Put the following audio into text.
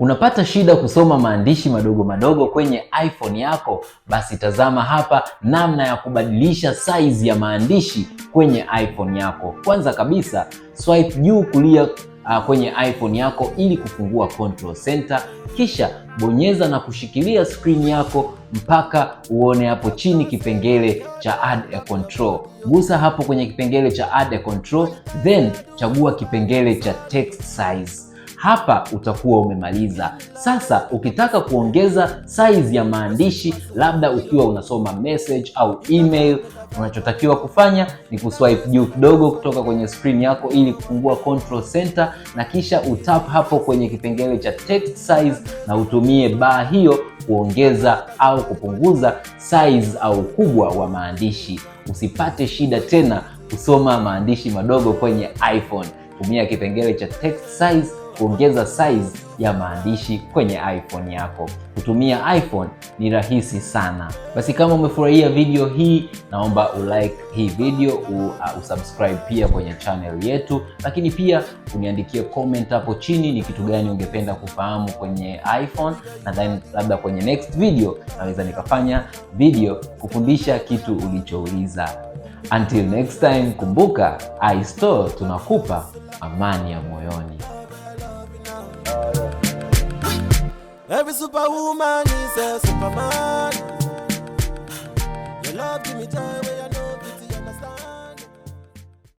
Unapata shida kusoma maandishi madogo madogo kwenye iPhone yako? Basi tazama hapa namna ya kubadilisha size ya maandishi kwenye iPhone yako. Kwanza kabisa, swipe juu kulia uh, kwenye iPhone yako ili kufungua Control Center, kisha bonyeza na kushikilia skrini yako mpaka uone hapo chini kipengele cha add a control. Gusa hapo kwenye kipengele cha add a control, then chagua kipengele cha text size hapa utakuwa umemaliza. Sasa ukitaka kuongeza size ya maandishi, labda ukiwa unasoma message au email, unachotakiwa kufanya ni kuswipe juu kidogo kutoka kwenye screen yako ili kufungua control center, na kisha utap hapo kwenye kipengele cha text size na utumie baa hiyo kuongeza au kupunguza size au ukubwa wa maandishi. Usipate shida tena kusoma maandishi madogo kwenye iPhone. Tumia kipengele cha text size kuongeza size ya maandishi kwenye iPhone yako. Kutumia iPhone ni rahisi sana. Basi kama umefurahia video hii, naomba ulike hii video, u, uh, usubscribe pia kwenye channel yetu, lakini pia uniandikie comment hapo chini ni kitu gani ungependa kufahamu kwenye iPhone, na then labda kwenye next video naweza nikafanya video kufundisha kitu ulichouliza. Until next time, kumbuka iStore tunakupa amani ya moyoni. Every superwoman is a superman.